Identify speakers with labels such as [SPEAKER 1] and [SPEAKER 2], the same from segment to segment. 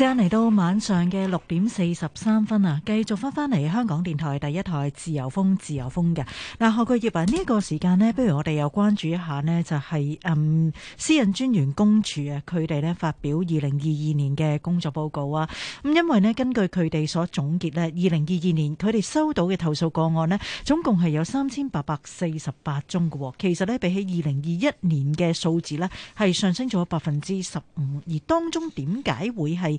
[SPEAKER 1] 時間嚟到晚上嘅六點四十三分啊，繼續翻翻嚟香港電台第一台自由風，自由風嘅。嗱，何巨業啊，呢、這個時間呢，不如我哋又關注一下呢，就係、是、嗯私隱專員公署啊，佢哋呢發表二零二二年嘅工作報告啊。咁因為呢，根據佢哋所總結呢，二零二二年佢哋收到嘅投訴個案呢，總共係有三千八百四十八宗嘅。其實呢，比起二零二一年嘅數字呢，係上升咗百分之十五。而當中點解會係？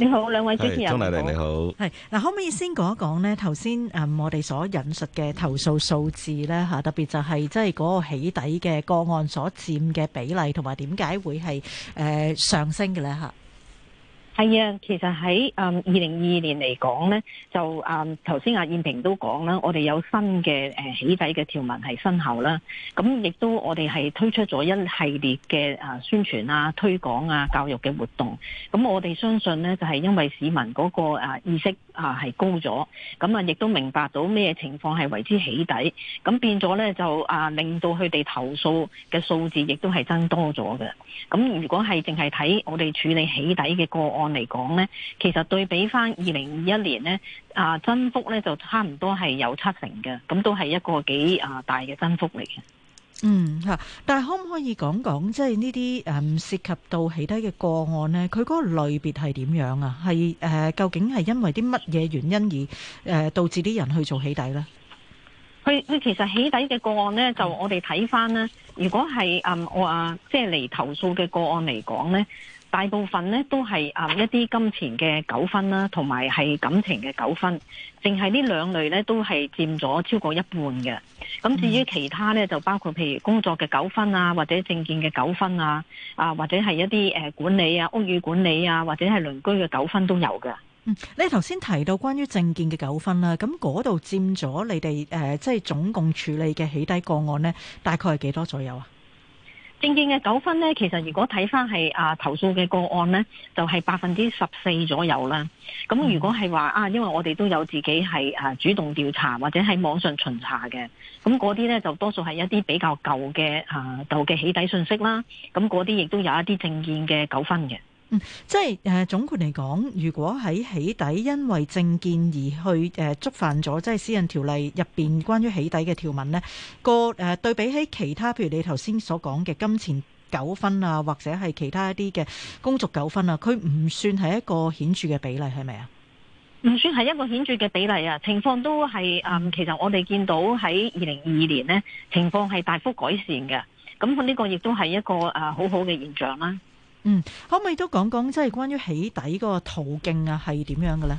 [SPEAKER 1] 你好，兩位主持人，鍾麗玲，好你好，係麗玲，你好。係嗱，可唔可以先講一講呢？頭先誒，我哋所引述嘅投訴數字咧，吓，特別就係即係嗰個起底嘅個案所佔嘅比例，同埋點解會係誒、呃、上升嘅咧？吓？
[SPEAKER 2] 係啊，其實喺誒二零二二年嚟講呢，就誒頭先阿燕平都講啦，我哋有新嘅誒、嗯、起底嘅條文係生效啦。咁、嗯、亦都我哋係推出咗一系列嘅誒宣傳啊、推廣啊、教育嘅活動。咁、嗯、我哋相信呢，就係、是、因為市民嗰、那個、啊、意識。啊，係高咗，咁、嗯、啊，亦都明白到咩情況係為之起底，咁、嗯、變咗呢，就啊，令到佢哋投訴嘅數字亦都係增多咗嘅。咁、嗯、如果係淨係睇我哋處理起底嘅個案嚟講呢，其實對比翻二零二一年呢，啊，增幅呢就差唔多係有七成嘅，咁、嗯、都係一個幾啊大嘅增幅嚟嘅。
[SPEAKER 1] 嗯吓，但係可唔可以講講即係呢啲誒涉及到起底嘅個案呢？佢嗰個類別係點樣啊？係誒、呃，究竟係因為啲乜嘢原因而誒、呃、導致啲人去做起底呢？
[SPEAKER 2] 佢佢其實起底嘅個案呢，就我哋睇翻咧，如果係誒我話即係嚟投訴嘅個案嚟講呢。大部分呢都係啊一啲金錢嘅糾紛啦，同埋係感情嘅糾紛，淨係呢兩類呢都係佔咗超過一半嘅。咁至於其他呢，就包括譬如工作嘅糾紛啊，或者政見嘅糾紛啊，啊或者係一啲誒管理啊、屋宇管理啊，或者係鄰居嘅糾紛都有嘅。嗯，
[SPEAKER 1] 你頭先提到關於政見嘅糾紛啦，咁嗰度佔咗你哋誒、呃、即係總共處理嘅起底個案呢，大概係幾多左右啊？
[SPEAKER 2] 證件嘅糾紛咧，其實如果睇返係啊投訴嘅個案咧，就係百分之十四左右啦。咁如果係話啊，因為我哋都有自己係啊主動調查或者喺網上巡查嘅，咁嗰啲咧就多數係一啲比較舊嘅啊舊嘅起底信息啦。咁嗰啲亦都有一啲證件嘅糾紛嘅。
[SPEAKER 1] 嗯，即係誒，總括嚟講，如果喺起底因為政見而去誒觸犯咗即係私隱條例入邊關於起底嘅條文呢，那個誒、呃、對比起其他，譬如你頭先所講嘅金錢糾紛啊，或者係其他一啲嘅工作糾紛啊，佢唔算係一個顯著嘅比例，係咪啊？
[SPEAKER 2] 唔算係一個顯著嘅比例啊。情況都係誒、嗯，其實我哋見到喺二零二二年呢，情況係大幅改善嘅，咁佢呢個亦都係一個誒好好嘅現象啦、啊。
[SPEAKER 1] 嗯，可唔可以都講講即係關於起底
[SPEAKER 2] 嗰個途徑啊？係點樣嘅咧？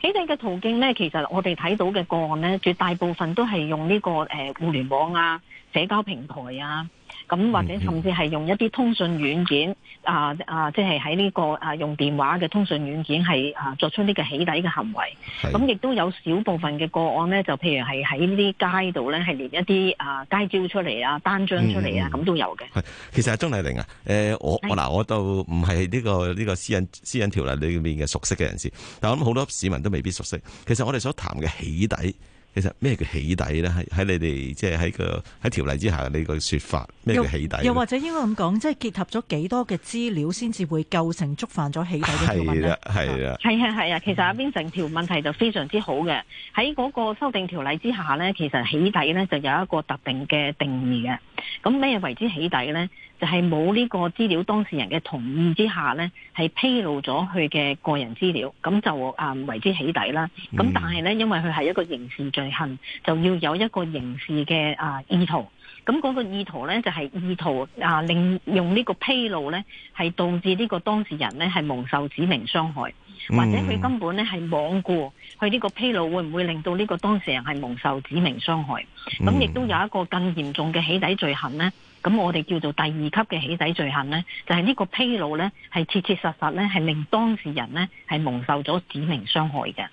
[SPEAKER 2] 起底嘅途徑咧，其實我哋睇到嘅個案咧，絕大部分都係用呢、這個誒、呃、互聯網啊，社交平台啊。咁或者甚至係用一啲通訊軟件啊、嗯、啊，即係喺呢個啊用電話嘅通訊軟件係啊作出呢個起底嘅行為。咁亦是都有少部分嘅個案呢，就譬如係喺呢啲街度呢，係連一啲啊街招出嚟啊單張出嚟啊，咁、嗯、都有嘅。
[SPEAKER 3] 其實啊，鍾麗玲啊，誒我我，嗱，我都唔係呢個呢個私隱私隱條例裏面嘅熟悉嘅人士，但係我諗好多市民都未必熟悉。其實我哋所談嘅起底。其實咩叫起底咧？喺喺你哋即係喺個喺條例之下你個說法，咩叫起底？又又或
[SPEAKER 1] 者應該咁講，即係結合咗幾多嘅資料先至會構成觸犯咗起
[SPEAKER 3] 底嘅條文咧？係啦，係
[SPEAKER 2] 啦，係啊係啊，其實啊邊成條問題就非常之好嘅。喺嗰個修訂條例之下咧，其實起底咧就有一個特定嘅定義嘅。咁咩為之起底咧？就係冇呢個資料當事人嘅同意之下咧，係披露咗佢嘅個人資料，咁就啊為之起底啦。咁但係咧，因為佢係一個刑事罪行，就要有一個刑事嘅啊意圖。咁嗰個意圖咧，就係、是、意圖啊令用呢個披露咧，係導致呢個當事人咧係蒙受指明傷害，或者佢根本咧係罔顧佢呢個披露會唔會令到呢個當事人係蒙受指明傷害。咁亦都有一個更嚴重嘅起底罪行咧。咁我哋叫做第二級嘅起底罪行呢，就係、是、呢個披露呢，係切切實實呢，係令當事人呢，係蒙受咗指明傷害嘅。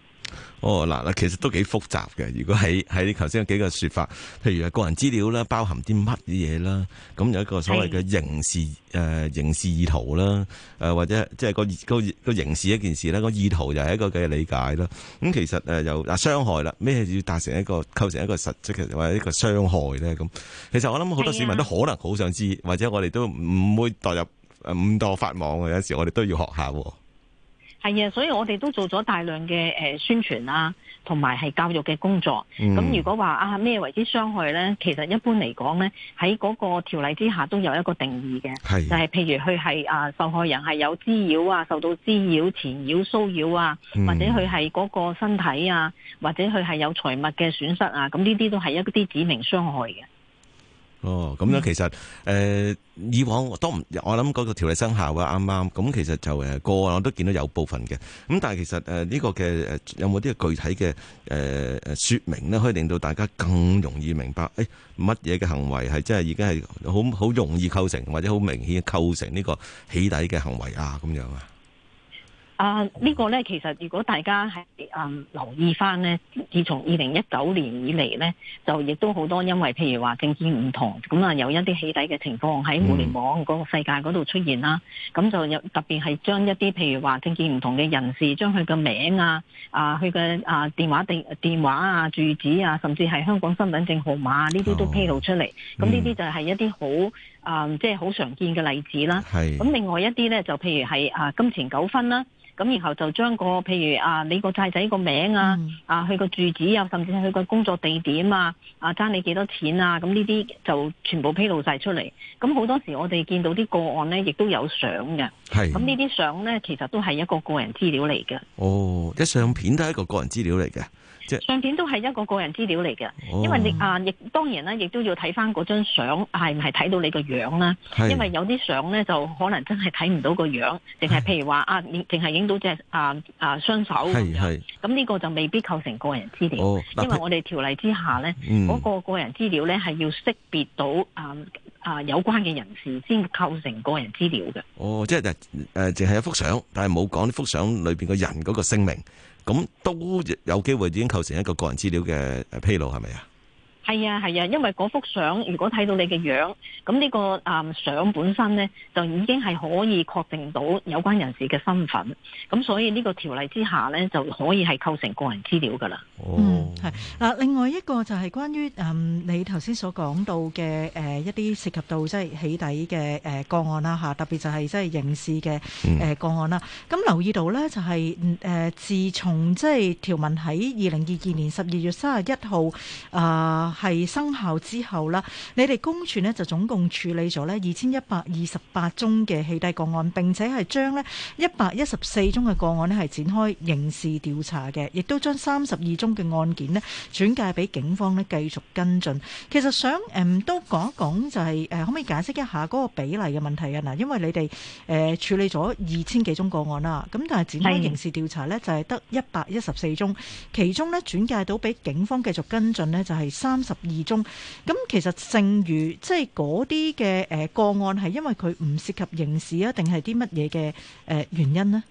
[SPEAKER 3] 哦，嗱嗱，其實都幾複雜嘅。如果喺喺頭先嘅幾個說法，譬如啊個人資料啦，包含啲乜嘢啦，咁有一個所謂嘅刑事誒、呃、刑事意圖啦，誒、呃、或者即係個個，個刑事一件事咧，個意圖就係一個嘅理解啦。咁、嗯、其實誒又啊傷害啦，咩要達成一個構成一個實質嘅或者一個傷害咧？咁其實我諗好多市民都可能好想知，哎、呀或者我哋都唔會墮入誤墮法網。有時我哋都要學下。
[SPEAKER 2] 係啊，所以我哋都做咗大量嘅誒宣傳啊，同埋係教育嘅工作。咁、嗯、如果話啊咩為之傷害咧，其實一般嚟講咧，喺嗰個條例之下都有一個定義嘅。係是，就係譬如佢係啊受害人係有滋擾啊，受到滋擾、纏擾、騷擾啊，嗯、或者佢係嗰個身體啊，或者佢係有財物嘅損失啊，咁呢啲都係一啲指明傷害嘅。
[SPEAKER 3] 哦，咁樣其實誒，嗯、以往都唔，我諗嗰個條例生效啊，啱啱，咁其實就誒個案，我都見到有部分嘅，咁但係其實誒呢個嘅誒有冇啲具體嘅誒誒說明咧，可以令到大家更容易明白，誒乜嘢嘅行為係即係已經係好好容易構成或者好明顯構成呢個起底嘅行為啊？咁樣啊？
[SPEAKER 2] 啊！呢、uh, 個呢，其實如果大家係嗯、呃、留意翻呢，自從二零一九年以嚟呢，就亦都好多因為譬如話政見唔同，咁啊有一啲起底嘅情況喺互聯網嗰個世界嗰度出現啦。咁就有特別係將一啲譬如話政見唔同嘅人士，將佢嘅名啊、啊佢嘅啊電話電電話啊、住址啊，甚至係香港身份證號碼呢啲都披露出嚟。咁呢啲就係一啲好，嗯嗯啊、呃，即係好常見嘅例子啦。咁是、啊、另外一啲咧，就譬如係啊，金錢糾紛啦。咁然後就將個譬如啊，你個債仔個名啊，嗯、啊，去個住址啊，甚至係去個工作地點啊，啊，爭你幾多錢啊，咁呢啲就全部披露晒出嚟。咁、嗯、好多時我哋見到啲個案咧，亦都有相嘅。咁是、啊、呢啲相咧，其實都係一個個人資料嚟嘅。
[SPEAKER 3] 哦，一相片都係一個個人資料嚟嘅。
[SPEAKER 2] 相片即都係一個個人資料嚟嘅。因為你啊，亦當然啦，亦都要睇翻嗰張相係唔係睇到你個樣啦。是因為有啲相咧就可能真係睇唔到個樣，是、啊啊啊、樣，淨係譬如話啊，淨係影到隻啊啊雙手咁樣。咁、這、呢個就未必構成個人資料，哦、因為我哋條例之下咧，嗰、嗯、個個人資料咧係要識別到啊啊有關嘅人士先構成個人資料嘅。哦，
[SPEAKER 3] 即係誒，淨、呃、係、呃、一幅相，但係冇講呢幅相裏邊嘅人嗰個姓名。咁都有機會已經構成一個個人資料嘅披露，係咪啊？是
[SPEAKER 2] 係啊，係啊，因為嗰幅相如果睇到你嘅樣，咁呢、這個啊、嗯、相本身呢，就已經係可以確定到有關人士嘅身份，咁所以呢個條例之下呢，就可以係構成個人資料㗎啦。哦、嗯，係
[SPEAKER 1] 嗱，另外一個就係關於誒、嗯、你頭先所講到嘅誒、呃、一啲涉及到即係起底嘅誒個案啦嚇，特別就係、是、即係刑事嘅誒個案啦。咁、呃嗯嗯、留意到呢，就係、是、誒、呃，自從即係條文喺二零二二年十二月三十一號啊。呃呃係生效之後啦，你哋公署呢就總共處理咗呢二千一百二十八宗嘅起底個案，並且係將呢一百一十四宗嘅個案呢係展開刑事調查嘅，亦都將三十二宗嘅案件呢轉介俾警方呢繼續跟進。其實想誒、嗯、都講一講、就是，就係誒可唔可以解釋一下嗰個比例嘅問題啊？嗱，因為你哋誒、呃、處理咗二千幾宗個案啦，咁但係展開刑事調查呢，就係得一百一十四宗，的其中呢轉介到俾警方繼續跟進呢，就係三。十二宗，咁其實剩餘即係嗰啲嘅誒個案係因為佢唔涉及刑事啊，定係啲乜嘢嘅誒原因呢？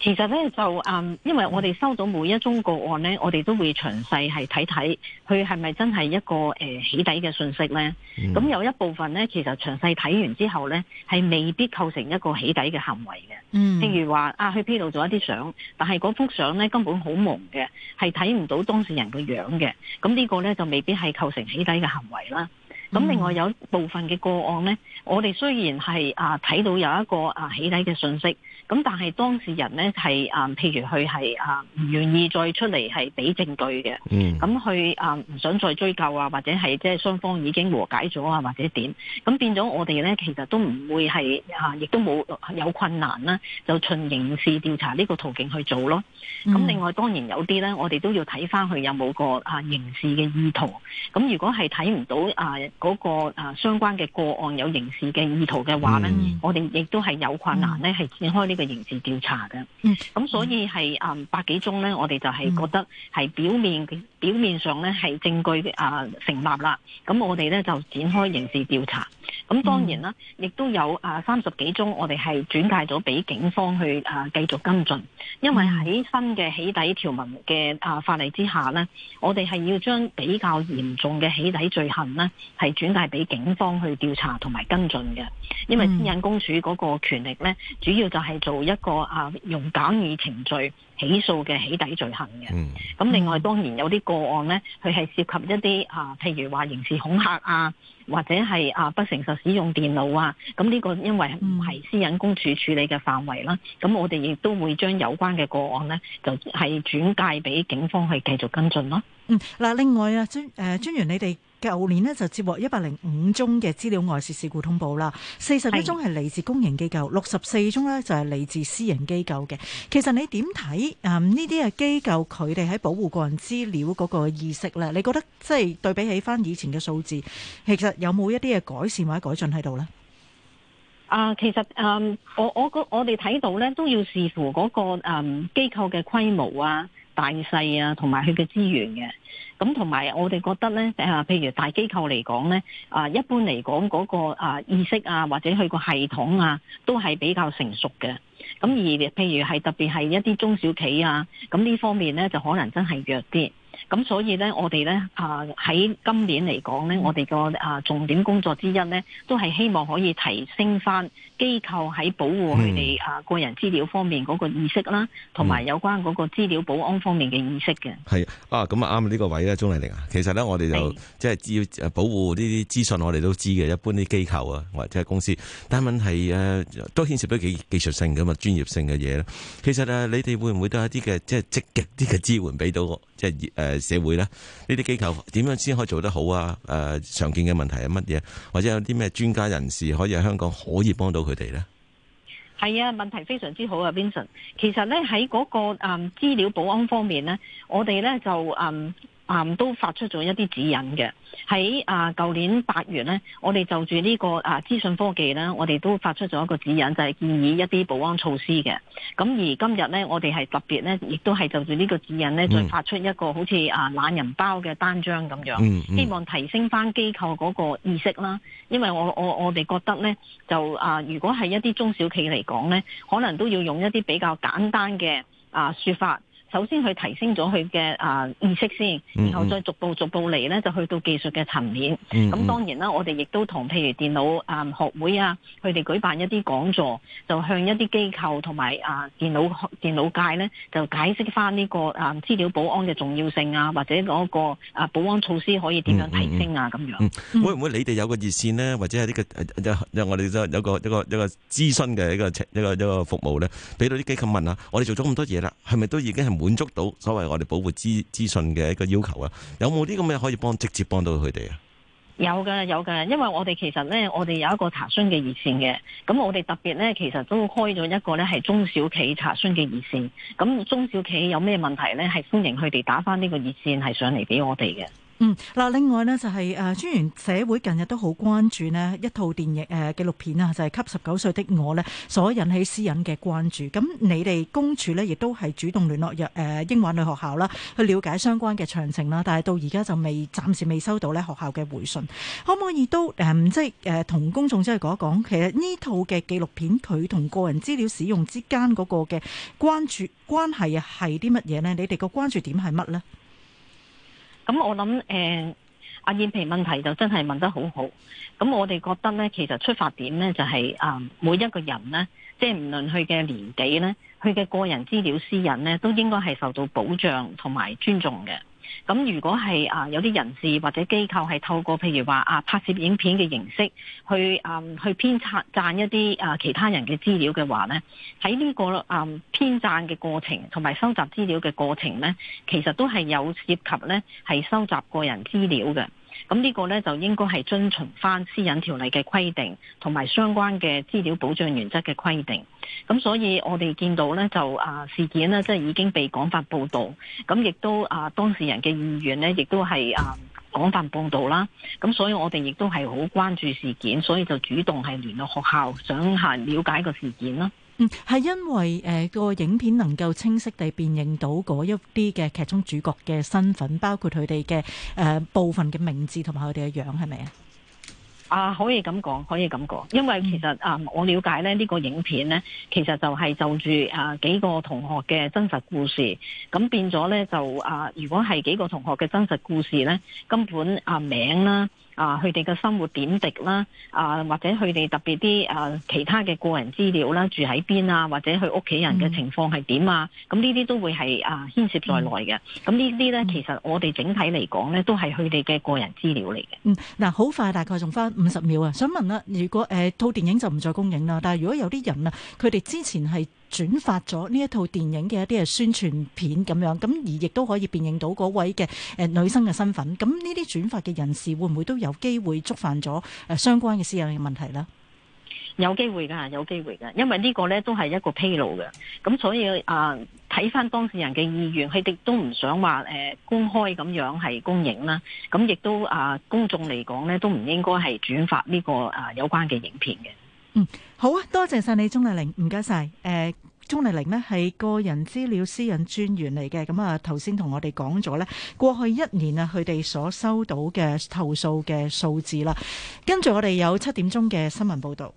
[SPEAKER 2] 其實咧就誒、嗯，因為我哋收到每一宗個案咧，我哋都會詳細係睇睇，佢係咪真係一個誒、呃、起底嘅信息咧？咁、嗯、有一部分咧，其實詳細睇完之後咧，係未必構成一個起底嘅行為嘅。嗯，譬如話啊，佢披露咗一啲相，但係嗰幅相咧根本好朦嘅，係睇唔到當事人樣個樣嘅。咁呢個咧就未必係構成起底嘅行為啦。咁另外有部分嘅個案咧，我哋雖然係啊睇到有一個啊起底嘅信息。咁但係當事人咧係啊，譬如佢係啊唔願意再出嚟係俾證據嘅，咁佢啊唔想再追究啊，或者係即係雙方已經和解咗啊，或者點，咁變咗我哋咧，其實都唔會係啊，亦都冇有，有困難啦，就循刑事調查呢個途徑去做咯。咁、嗯、另外當然有啲咧，我哋都要睇翻佢有冇個啊刑事嘅意圖。咁如果係睇唔到啊、嗰個啊相關嘅個案有刑事嘅意圖嘅話咧，嗯、我哋亦都係有困難咧，係展開呢、這個。嘅刑事調查嘅，咁、嗯、所以係啊百幾宗咧，我哋就係覺得係表面表面上咧係證據啊、呃、成立啦，咁我哋咧就展開刑事調查。咁、嗯、當然啦，亦都有啊三十幾宗，我哋係轉介咗俾警方去啊繼續跟進，因為喺新嘅起底條文嘅啊法例之下呢，我哋係要將比較嚴重嘅起底罪行呢係轉介俾警方去調查同埋跟進嘅，因為私隱公署嗰個權力呢，主要就係做一個啊用簡易程序起訴嘅起底罪行嘅，咁、嗯、另外當然有啲個案呢，佢係涉及一啲啊、呃，譬如話刑事恐嚇啊，或者係啊不誠實使用電腦啊，咁呢個因為唔係私隱公署處理嘅範圍啦，咁我哋亦都會將有關嘅個案呢，就係、是、轉介俾警方去繼續跟進啦。嗯，
[SPEAKER 1] 嗱，另外啊專誒、呃、專員你哋。舊年咧就接獲一百零五宗嘅資料外泄事,事故通報啦，四十一宗係嚟自公營機構，六十四宗呢就係嚟自私營機構嘅。其實你點睇啊？呢啲嘅機構佢哋喺保護個人資料嗰個意識呢？你覺得即係對比起翻以前嘅數字，其實有冇一啲嘅改善或者改進喺度呢？
[SPEAKER 2] 啊，其實誒，我我我我哋睇到呢，都要視乎嗰個誒機構嘅規模啊、大細啊，同埋佢嘅資源嘅。咁同埋我哋覺得呢，誒譬如大機構嚟講呢，啊一般嚟講嗰個啊意識啊，或者佢個系統啊，都係比較成熟嘅。咁而譬如係特別係一啲中小企啊，咁呢方面呢，就可能真係弱啲。咁所以咧，我哋咧啊喺今年嚟講咧，我哋個啊重點工作之一咧，都係希望可以提升翻機構喺保護佢哋啊個人資料方面嗰個意識啦，同埋、嗯嗯、有關嗰個資料保安方面嘅意識嘅。
[SPEAKER 3] 係啊，咁啊啱呢個位咧，鍾麗玲啊，其實咧我哋就即係要保護呢啲資訊，我哋都知嘅。一般啲機構啊，或者公司單問係啊、呃，都牽涉到幾技術性嘅嘛，專業性嘅嘢咧。其實啊，你哋會唔會都有一啲嘅即係積極啲嘅支援俾到即係誒？就是呃誒，社會咧，呢啲機構點樣先可以做得好啊？誒、呃，常見嘅問題係乜嘢？或者有啲咩專家人士可以喺香港可以幫到佢哋呢？
[SPEAKER 2] 係啊，問題非常之好啊，Vincent。其實呢喺嗰、個誒、嗯、資料保安方面呢，我哋呢就誒。嗯啊、嗯，都發出咗一啲指引嘅。喺啊，舊年八月咧，我哋就住呢個啊資訊科技咧，我哋都發出咗一個指引，就係建議一啲保安措施嘅。咁而今日咧，我哋係特別咧，亦都係就住呢個指引咧，再發出一個好似啊懶人包嘅單張咁樣，希望提升返機構嗰個意識啦。因為我我我哋覺得咧，就啊，如果係一啲中小企嚟講咧，可能都要用一啲比較簡單嘅啊説法。首先佢提升咗佢嘅啊意識先，然後再逐步逐步嚟咧，就去到技術嘅層面。咁、嗯嗯、當然啦，我哋亦都同譬如電腦啊學會啊，佢哋舉辦一啲講座，就向一啲機構同埋啊電腦學電腦界咧，就解釋翻呢個啊資料保安嘅重要性啊，或者嗰個啊保安措施可以點樣提升啊咁、嗯嗯、樣、
[SPEAKER 3] 嗯、會唔會你哋有個熱線咧，或者係呢個即係我哋有有個一個一個諮詢嘅一個一個一個，一個服務咧，俾到啲機構問啊，我哋做咗咁多嘢啦，係咪都已經係。滿足到所謂我哋保護資資訊嘅一個要求啊，有冇啲咁嘅可以幫直接幫到佢哋啊？
[SPEAKER 2] 有㗎有㗎，因為我哋其實咧，我哋有一個查詢嘅熱線嘅，咁我哋特別咧，其實都開咗一個咧係中小企查詢嘅熱線，咁中小企有咩問題咧，係歡迎佢哋打返呢個熱線係上嚟，俾我哋嘅。
[SPEAKER 1] 嗯，嗱，另外咧就係、是、誒，專員，社會近日都好關注咧一套電影誒、呃、紀錄片啦，就係《給十九歲的我》咧，所引起私隱嘅關注。咁你哋公署呢，亦都係主動聯絡若誒、呃、英華女學校啦，去了解相關嘅詳情啦。但係到而家就未暫時未收到呢學校嘅回信。可唔可以都誒、呃、即係誒、呃、同公眾即係講一講，其實呢套嘅紀錄片佢同個人資料使用之間嗰個
[SPEAKER 2] 嘅關注關係係啲乜嘢
[SPEAKER 1] 呢？你哋個關注點係乜呢？
[SPEAKER 2] 咁、嗯、我諗，誒、嗯、阿、啊、燕皮問題就真係問得好好。咁、嗯、我哋覺得呢，其實出發點呢，就係、是、啊、嗯，每一個人呢，即係唔論佢嘅年紀呢，佢嘅個人資料私隱呢，都應該係受到保障同埋尊重嘅。咁如果係啊有啲人士或者機構係透過譬如話啊拍攝影片嘅形式去啊、嗯、去編撰一啲啊其他人嘅資料嘅話呢，喺呢、呢個啊、嗯、編撰嘅過程同埋收集資料嘅過程呢，其實都係有涉及呢係收集個人資料嘅。咁呢個呢，就應該係遵循返私隱條例嘅規定，同埋相關嘅資料保障原則嘅規定。咁所以，我哋見到呢，就啊事件呢，即係已經被廣泛報導。咁亦都啊，當事人嘅意願呢，亦都係啊廣泛報導啦。咁所以我哋亦都係好關注事件，所以就主動係聯絡學校，想係了解個事件啦。
[SPEAKER 1] 嗯，係因為誒、呃、個影片能夠清晰地辨認到嗰一啲嘅劇中主角嘅身份，包括佢哋嘅誒部分嘅名字同埋佢哋嘅樣，係咪啊？
[SPEAKER 2] 啊，可以咁講，可以咁講，因為其實啊、呃，我了解咧呢、這個影片呢，其實就係就住啊幾個同學嘅真實故事，咁變咗呢，就啊，如果係幾個同學嘅真實故事呢，根本啊名啦。啊！佢哋嘅生活點滴啦，啊或者佢哋特別啲啊其他嘅個人資料啦，住喺邊啊，或者佢屋企人嘅情況係點啊，咁呢啲都會係啊牽涉在內嘅。咁呢啲呢，其實我哋整體嚟講呢，都係佢哋嘅個人資料嚟嘅。
[SPEAKER 1] 嗯，嗱好快，大概仲返五十秒啊！想問啦，如果誒套、呃、電影就唔再公映啦，但係如果有啲人啊，佢哋之前係。轉發咗呢一套電影嘅一啲誒宣傳片咁樣，咁而亦都可以辨認到嗰位嘅誒女生嘅身份。咁呢啲轉發嘅人士會唔會都有機會觸犯咗誒相關嘅私隱嘅問題呢？
[SPEAKER 2] 有機會噶，有機會噶，因為呢個呢都係一個披露嘅。咁所以啊，睇翻當事人嘅意願，佢哋都唔想話誒、啊、公開咁樣係、啊、公映啦，咁亦都、這個、啊公眾嚟講呢都唔應該係轉發呢個啊有關嘅影片嘅。
[SPEAKER 1] 嗯，好啊，多謝晒你，鍾麗玲，唔該晒。誒，呃，鍾麗玲呢係個人資料私隱專員嚟嘅，咁啊，頭先同我哋講咗呢，過去一年啊，佢哋所收到嘅投訴嘅數字啦，跟住我哋有七點鐘嘅新聞報道。